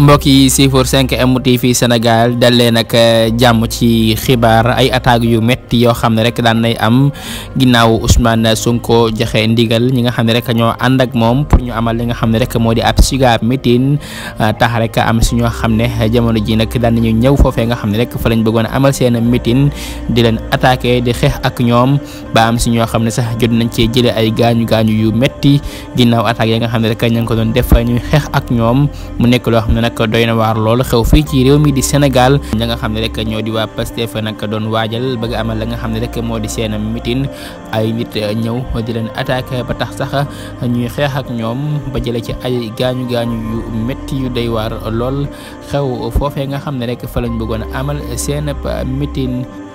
mbokk yi siifur 5M TV Sénégal dalee nag eh, jàmm ci xibaar ay attaques yu métti yoo xam ne rek daan nay am ginnaaw Ousmane Sonko joxe ndigal ñi nga xam ne rek ñoo ànd ak moom ñu amal li nga xam ne rek moo di ab siga meeting eh, tax rek am si ñoo xam ne eh, jamono ji nag daan nañu ñëw foofee nga xam ne rek fa lañ bëggoon amal seen meeting di leen attaqué di xeex ak ñoom ba am si ñoo xam ne sax jot nañ cee jëlee ay gaañu gaañu yu métti ginnaaw attaques yi nga xam ne rek ña ngi ko doon def ñu xeex ak ñoom mu nekk loo xam ne nag doy na waar loolu xew fii ci réew mi di Sénégal ña nga xam ne rek ñoo di waa Pastef nag doon waajal bëgg amal la nga xam ne rek moo di seen mitin ay nit ñëw di leen attaqué ba tax sax ñuy xeex ak ñoom ba jëlee ci ay gaañu gaañu yu métti yu doy waar lool xew foofee nga xam ne rek fa lañ bëggoon amal seen mitin.